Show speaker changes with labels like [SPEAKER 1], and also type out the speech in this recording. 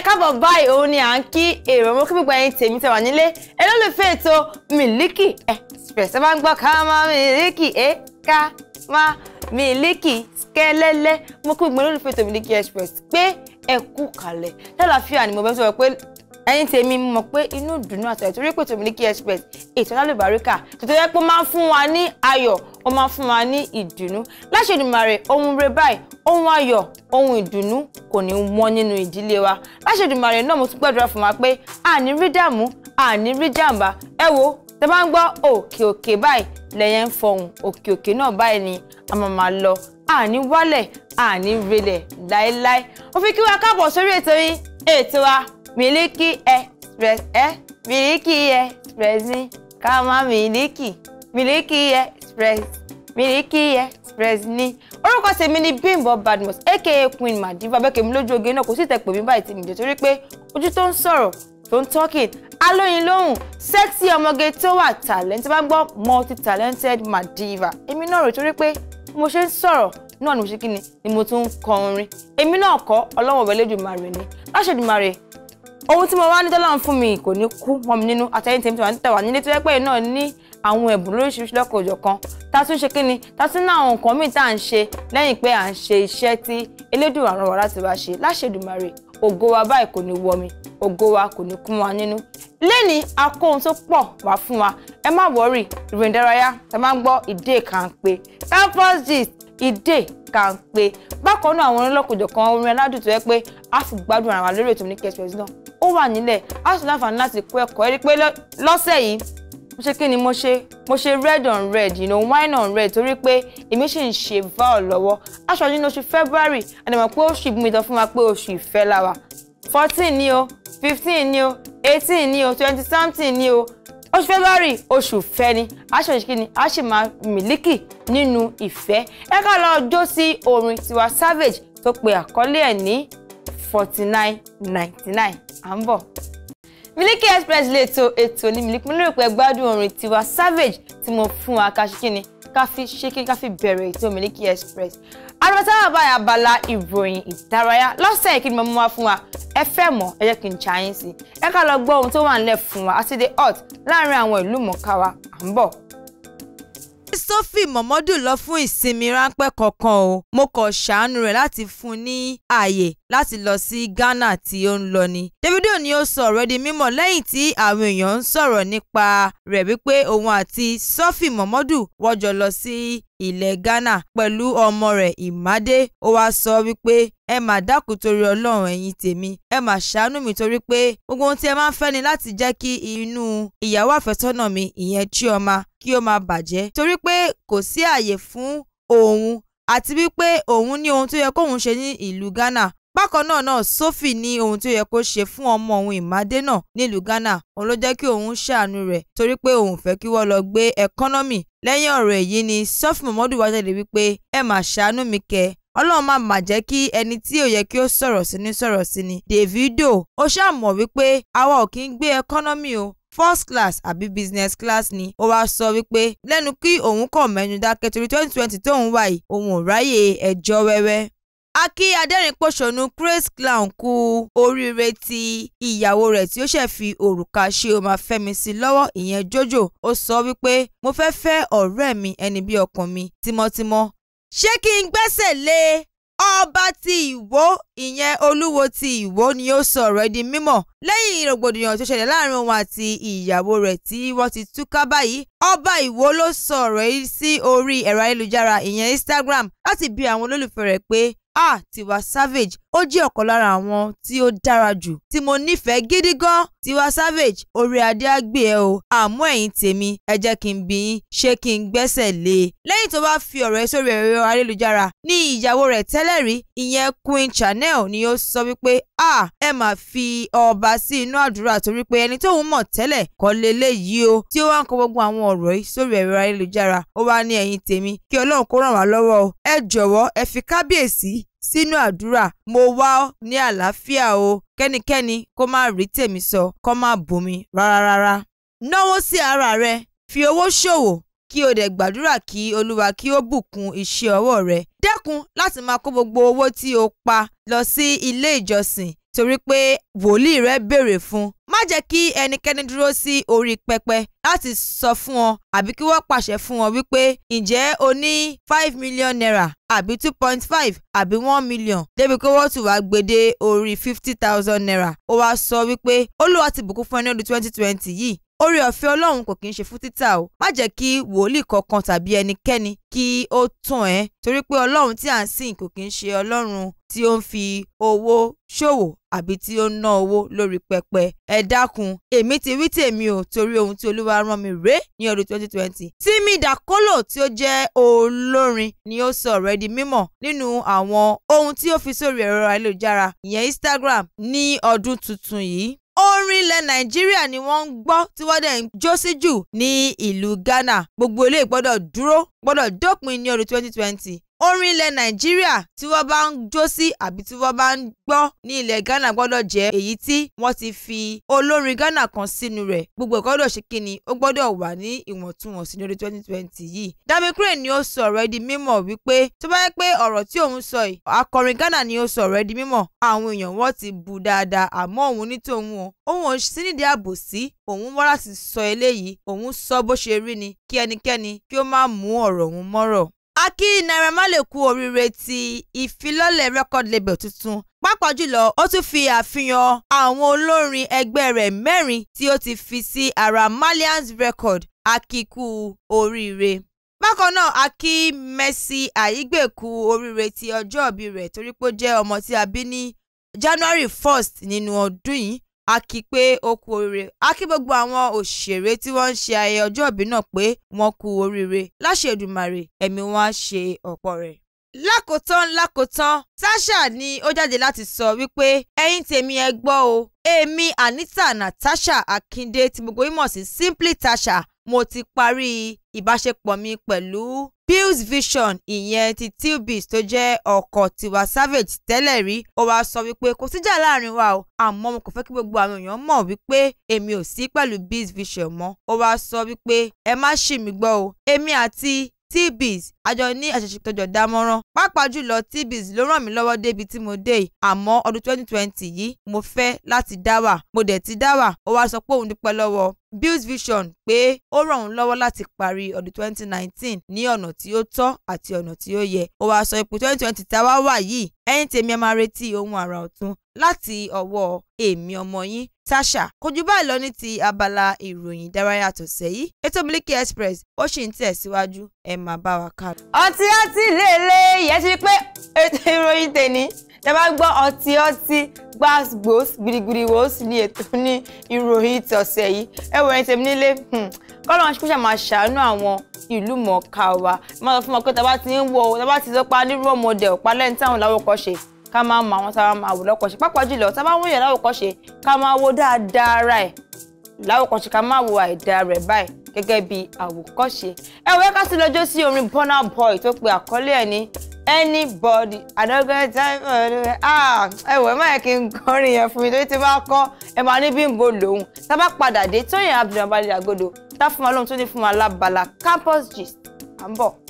[SPEAKER 1] ẹ káàbọ̀ báyìí òun ni à ń kí èrò ọmọ kíkọ́ ẹyin tèmi tẹ̀wà nílé ẹ ló lè fẹ́ ètò Miliki Express ẹ máa ń gbọ́ ká máa Miliki ẹ ká máa Miliki kẹ́lẹ́lẹ́ mo kí gbogbo olólùfẹ́ ètò Miliki Express pé ẹ kú kalẹ̀ lálàáfíà ni mo bẹ́ sọ̀rọ̀ pé ẹ̀yin tèmi mọ̀ pé inú ìdùnnú àtọ̀yẹ̀ torí pé tòmí ní kí express ètò alálùbáríkà tètè yẹ pé ó máa ń fún wa ní ayọ̀ ó máa ń fún wa ní ìdùnnú láṣẹ Èdùmàrè ohun rẹ báyìí ohun ayọ̀ ohun ìdùnnú kò ní wọ́n nínú ìdílé wa láṣẹ Èdùmàrè náà mo tún gbàdúrà fún wa pé àní rí dààmú àní rí jàǹbá ẹ wo tẹ bá ń gbọ́ òkè òkè báyìí lẹ́yìn ń fọhùn òkè òkè náà báyìí ni a máa máa lọ àní wálẹ̀ àní relẹ̀ láéláé ó fi kí wa káàbọ̀ sórí ètò yín ètò wa Miliki Express ẹ Miliki Express ni ká má miliki Miliki Express Miliki Express ni orúkọ tèmi ni Bímbọ́ Badmus aka Queen Madiva bẹ́kẹ̀mí lójú oge náà kò sí ìtẹ̀pẹ̀ mi báyìí tèmi jẹ́ torí pé ojú tó ń sọ̀rọ̀ tó ń talking alóyin lóhùn sexy ọmọge tó wà talent bá gbọ́ multi talented Madiba. èmi náà rò torí pé mo ṣe ń sọ̀rọ̀ náà ni mo ṣe kí ni ni mo tún kọ orin èmi náà kọ́ ọlọ́wọ̀n ọ̀bẹ lẹ́dùnmarè ni láṣẹ̀dùnmarè ohun tí mo wá ní tọ́lá fún mi kò ní kú mọ́ mi nínú àtẹ̀yìn tèmi tí wọ́n ń tẹ̀wá nílé tó yẹ pé náà ní àwọn ẹ̀bùn lóríṣiríṣi lọ́kọ̀ọ̀jọ̀ kan tá a tún ṣe kí ni tá tún ní àwọn nǹkan míì tá à ń ṣe lẹ́yìn pé à ń ṣe iṣẹ́ tí elédùn àrùn wa láti wá ṣe láṣẹ̀dùmarè ògo wa báyìí kò ní wọmi ògo wa kò ní kún wa nínú. lẹ́nìí a tó pọ̀ wá fún wa ẹ má wọ́rì ìdè kàǹpé bákan náà àwọn onílọ́kọ̀ọ̀jọ̀ kan orin aládùn tó yẹ pé a sì gbádùn ara wa lórí ètò ní kẹsìpẹ̀sì náà ó wà nílẹ̀ a sì láǹfààní láti kó ẹ̀kọ́ ẹ rí pé lọ́sẹ̀ yìí mo ṣe kí ni mo ṣe mo ṣe red on red you know wine on red torí pé èmi sì ń ṣe val lọ́wọ́ aṣọ yìí ní oṣù February àdàmọ̀ pé oṣù ìbúmi tán fún wa pé oṣù ìfẹ́ la wà fourteen ni o fifteen ni o eighteen ni o twenty something ni o oṣù February oṣù ìfẹ́ ni aṣọ yìí kí ni a sì máa mílíkì nínú ìfẹ́ ẹ ká lọ jó sí orin Tiwa Savage tó pe àkọlé ẹ̀ ní forty nine ninety nine à ń bọ̀. Miliki Express lè to ètò ní Miliki mo lérò pé gbádùn orin tiwa Savage tí mo fún wa ká ṣíkí ni ká fi ṣíkí ká fi bẹ̀rẹ̀ ètò Miliki Express. Arọ́tá àbáyà abala ìròyìn ìdárayá lọ́sẹ̀ yìí kí ni mo mú wá fún wa ẹ fẹ́ mọ̀ ẹ jẹ́ kí n ṣá yín sí ẹ ká lọ gbọ́ ohun tó wà nílẹ̀ fún wa àti the hot láàrin àwọn ìlú mọ̀ọ́ká wa à ń bọ̀. Sophie Momodu lọ fún ìsinmi ráńpẹ́ kankan o mo kàn ṣàánú rẹ̀ láti fún ní ààyè láti lọ sí Ghana tí ó ń lọ ni. Davido ni ó sọ ọ̀rọ̀ di mímọ̀ lẹ́yìn tí àwọn èèyàn ń sọ̀rọ̀ nípa rẹ̀ wípé òun àti Sọ́fì Mọ̀mọ́dù wọ́n jọ lọ sí ilẹ̀ Ghana pẹ̀lú ọmọ rẹ̀ Ìmádé ó wá sọ wípé ẹ mà dákun torí Ọlọ́run ẹ̀yin tèmi ẹ mà ṣàánú mi torí pé gbogbo ohun tí ẹ máa ń fẹ́ ni láti jẹ́ kí inú ìyàwó àfẹ́sọ́nà mi ìyẹn Chioma kí ó máa bàjẹ́ torí pé kò sí àyè fún òun àti wípé òun ní ohun tó yẹ kóun ṣe ní ìlú Ghana bákan náà náà Sophie ní ohun tí ó yẹ kó ṣe fún ọmọ òun ìmàdé náà nílùú Ghana òun ló jẹ́ kí òun ṣàánú rẹ̀ torí pé òun fẹ́ kí wọ́n lọ gbé ẹkọ́nọ́mì lẹ́yìn ọ̀rọ̀ èyí ni Sophie Muhammadu wá jáde wípé ẹ mà ṣàánú mi kẹ́ ọlọ́run máa mà jẹ́ kí ẹni tí ò yẹ kí ó sọ̀rọ̀ sí ní sọ̀rọ̀ sí ni Davido ó ṣàmọ̀ wípé àwa ò kí ń gbé ẹkọ́nọ́mì o first class àbí business class ni ó wáá sọ wípé lẹ́nu kí òun kọ̀ mẹ́nu dákẹ́ torí twenty twenty tóun wà yìí òun ò ráyè ẹjọ́ wẹ́wẹ́ Aki kí adẹ́rìnpòṣónú Grace Clown kú oríire ti ìyàwó rẹ̀ tí ó ṣẹ̀ fi òrùka ṣe ó máa fẹ́mi sí lọ́wọ́ ìyẹn Jojo ó sọ wípé mo fẹ́ fẹ́ ọ̀rẹ́ mi ẹni bí ọkàn mi tímọ́tímọ́ ṣé kí n gbẹ́sẹ̀ lé ọba ti ìwó ìyẹn olúwo ti ìwó ni ó sọ ọ̀rọ̀ di mímọ̀ lẹ́yìn rògbòdìyàn tó ṣẹlẹ̀ láàrin òun àti ìyàwó rẹ̀ tí wọ́n ti túká báyìí ọba ìwó ló sọ ọ̀rọ̀ yìí sí orí ẹ̀rọ ayélujára ìyẹn Instagram láti bi àwọn olólùfẹ́ rẹ̀ pé Ah Tiwa Savage ó jẹ́ ọ̀kan lára àwọn tí ó dára jù tí mo nífẹ̀ẹ́ gidi gan Tiwa Savage orí adé á gbé ẹ o àmọ́ ẹ̀yin tèmi ẹ jẹ́ kí n bi yín ṣé kí n gbẹ́sẹ̀ lé e. lẹ́yìn tó bá fi ọ̀rọ̀ ẹ sórí ẹ̀rọ ayélujára ní ìyàwó rẹ̀ tẹ́lẹ̀ rí ìyẹn Queen Chanel ni ó sọ wípé ah ẹ mà fi ọba sí inú àdúrà torí pé ẹni tóun mọ̀ tẹ́lẹ̀ kọ́ leléyìí o tí ó wá ń kó gbogbo àwọn ọ̀rọ̀ yìí sórí ẹ̀rọ ayélujára ó wá ní ẹ̀yin tèmi kí Ọlọ́run kó ràn wá lọ́wọ́ o ẹ jọ̀wọ́ ẹ fi kábíyèsí sínú àdúrà mo wá ní àlàáfíà o kẹ́nikẹ́ni kó má rí tèmi sọ kó má bomi rárárárá. náwó sí ara rẹ fi owó ṣòwò kí o dẹ̀ gbàdúrà kí olúwa kí ó bùkún iṣẹ́ ọwọ́ rẹ dẹ́kun láti máa kó gbogbo owó tí o pa lọ sí ilé ìjọsìn torí pé wòlíì rẹ béèrè fún un má jẹ́ kí ẹnikẹ́ni dúró sí orí pẹpẹ láti sọ fún ọ àbí kí wọ́n pàṣẹ fún ọ wípé ǹjẹ́ o ní five million naira àbí two point five àbí one million débi pé wọ́n tún wá gbèdé orí fifty thousand naira ó wá sọ wípé olúwa ti bùkún fún ẹ ọdún twenty twenty yìí orí ọ̀fẹ́ ọlọ́run kò kí ń ṣe fún títà o má jẹ́ kí wòlíì kankan tàbí ẹnikẹ́ni kí ó tàn ẹ́ torí pé ọlọ́run tí à ń sìn kò kí ń ṣe ọlọ́run tí ó ń fi owó ṣòwò àbí tí ó ń ná owó lórí pẹpẹ ẹ dákun èmi ti wí tèmi o torí ohun tí olúwa rán mi rè ní ọdún 2020 Timi Dakolo tí ó jẹ́ olórin ni ó sọ ọ̀rọ̀ di mímọ̀ nínú àwọn ohun tí ó fi sórí ẹ̀rọ ayélujára ìyẹn Instagram ní ọdún tuntun yìí orin ilẹ̀ nàìjíríà ni wọ́n ń gbọ́ tí wọ́n dẹ̀ ń jó sí jù ní ìlú ghana gbogbo ilé gbọ́dọ̀ dúró gbọ́dọ̀ dópin ní ọdún 2020 orin ilẹ̀ nàìjíríà tí wọ́n bá ń jó sí àbí tí wọ́n bá ń gbọ́ ní ilẹ̀ ghana gbọ́dọ̀ jẹ́ èyí tí wọ́n ti fi olórin ghana kan sínú rẹ̀ gbogbo ẹ̀ gbọ́dọ̀ ṣe kíni ó gbọ́dọ̀ wà ní ìwọ̀ntúnwọ̀nsí ní ọdún twenty twenty yìí. dami crane ni ó sọ ọ̀rọ̀ di mímọ̀ wípé tó bá yẹ pé ọ̀rọ̀ tí òun sọ yìí akọrin ghana ni ó sọ ọ̀rọ̀ di mímọ̀ àwọn èèyàn wọn ti bu dáadáa àmọ́ Aki kí Naira Marley kú oríire ti ìfilọ́lẹ̀ record label tuntun pàápàá jùlọ ó tún fi àfihàn àwọn olórin ẹgbẹ́ rẹ̀ mẹ́rin tí ó ti fi sí ara Marlians record akíkú oríire. bákan náà a kí Mercy Aigbe kú oríire ti ọjọ́ ìbí rẹ̀ torí pé ó jẹ́ ọmọ tí a bí ní January 1st nínú ọdún yìí a kì í pé ó kú oríire a kí gbogbo àwọn òṣèré tí wọ́n ń ṣe ayẹyẹ ọjọ́ ìbí náà pé wọ́n kú oríire láṣẹ ẹ̀mí wọn á ṣe ọ̀pọ̀ rẹ̀ lákòótán lákòótán Tasha ni ó jáde láti sọ wípé ẹ̀yin tèmi ẹ gbọ́ o èmi Anita Natasha Akinde ti gbogbo yín mọ̀ sí Simply Tasha mo ti parí ìbáṣepọ̀ mi pẹ̀lú Pills Vision ìyẹn ti Tilbis tó jẹ́ ọkọ̀ Tiwa Savage tẹ́lẹ̀ rí ó wá sọ wípé kò síjà láàrin wa o àmọ́ mo kò fẹ́ kí gbogbo àwọn èèyàn mọ̀ wípé èmi ò sí pẹ̀lú Pills Vision mọ́ ó wá sọ wípé ẹ má ṣì mí gbọ́ o èmi àti tbs àjọ ní àṣẹṣetọjọ dámọ̀ràn pàápàá jùlọ tbs ló ràn mí lọ́wọ́ débi tí mo dé yìí àmọ́ ọdún 2020 yìí mo fẹ́ láti dá wà mo dẹ̀ ti dá wà ó wá sọ pé òun dúpẹ́ lọ́wọ́ Bill's vision pé ó ràn òun lọ́wọ́ láti parí ọdún 2019 ní ọ̀nà tí ó tọ́ àti ọ̀nà tí ó yẹ. ó wáá sọ ipò 2020 tá a wá wà yìí ẹ̀yin tèmi ẹ máa retí ohun àrà ọ̀tun láti ọwọ́ èmi ọmọ yín Tasha kojú báyìí lọ ní ti abala ìròyìn ìdárayá tọ̀sẹ̀ yìí ètò Miliki Express ó sì ń tẹ̀síwájú ẹ máa bá wa ká. ọtí ọtí lèlè yẹn ti pé ètò ìròyìn tèmi tẹ bá gbọ́ ọtí ọtí gbàgbós gbìdìgbìdì wo sì ni ètò ní ìròyìn tọ̀sẹ̀ yìí ẹ wọ ẹ̀yin tèmi nílé hmm. kọ́lọ́ wọn ṣe máa ṣàánú àwọn ìlú mọ̀ọ́ká wa máa sọ fún wọn pé tá a bá ti ń wọ tá a bá ti sọ pa nírú ọmọdé ọ̀pá lẹ́yìn táwọn làwọn kọ́ ṣe ká máa mọ àwọn tá a máa wò lọ́kọ̀ọ́ṣe pápá jùlọ tá a bá wọ́n yàn láwòkọ́ṣe ká máa wo dáadáa ara ẹ̀ láwòkọ́ṣe ká máa wo àìdá rẹ̀ báyìí gẹ́gẹ́ bí àwòkọ́ṣe. ẹ wẹ́ ká sí lọ́jọ́ sí orin Burna Boy tó pe àkọ́lé ẹ̀ ní anybody another time ẹ wọ̀ ẹ má yẹ kí n kọrin yẹn fún mi torí tí bá kọ́ ẹ máa ní Bímbò lòun tá a bá padà dé Tóyìn Abdulrahman Bàdìràgbòdo tá a